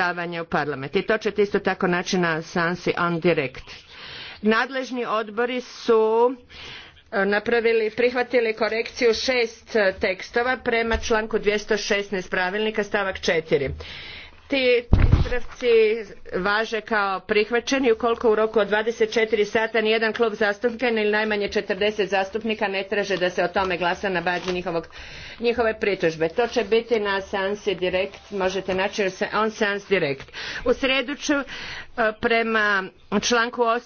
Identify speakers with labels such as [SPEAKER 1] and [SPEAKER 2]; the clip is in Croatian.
[SPEAKER 1] izvještavanje u parlament. I to ćete isto tako naći na Sansi on direct. Nadležni odbori su e, napravili, prihvatili korekciju šest e, tekstova prema članku 216 pravilnika stavak 4. Ti popravci važe kao prihvaćeni ukoliko u roku od dvadeset četiri sata nijedan klub zastupnika ili najmanje četrdeset zastupnika ne traže da se o tome glasa na bazi njihove pritužbe. to će biti na seansi direkt možete naći on seans direkt. u srijedu e, prema članku